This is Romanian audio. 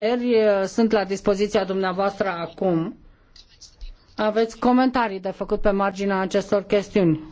Eh, sunt la dispoziția dumneavoastră acum. Aveți comentarii de făcut pe marginea acestor chestiuni.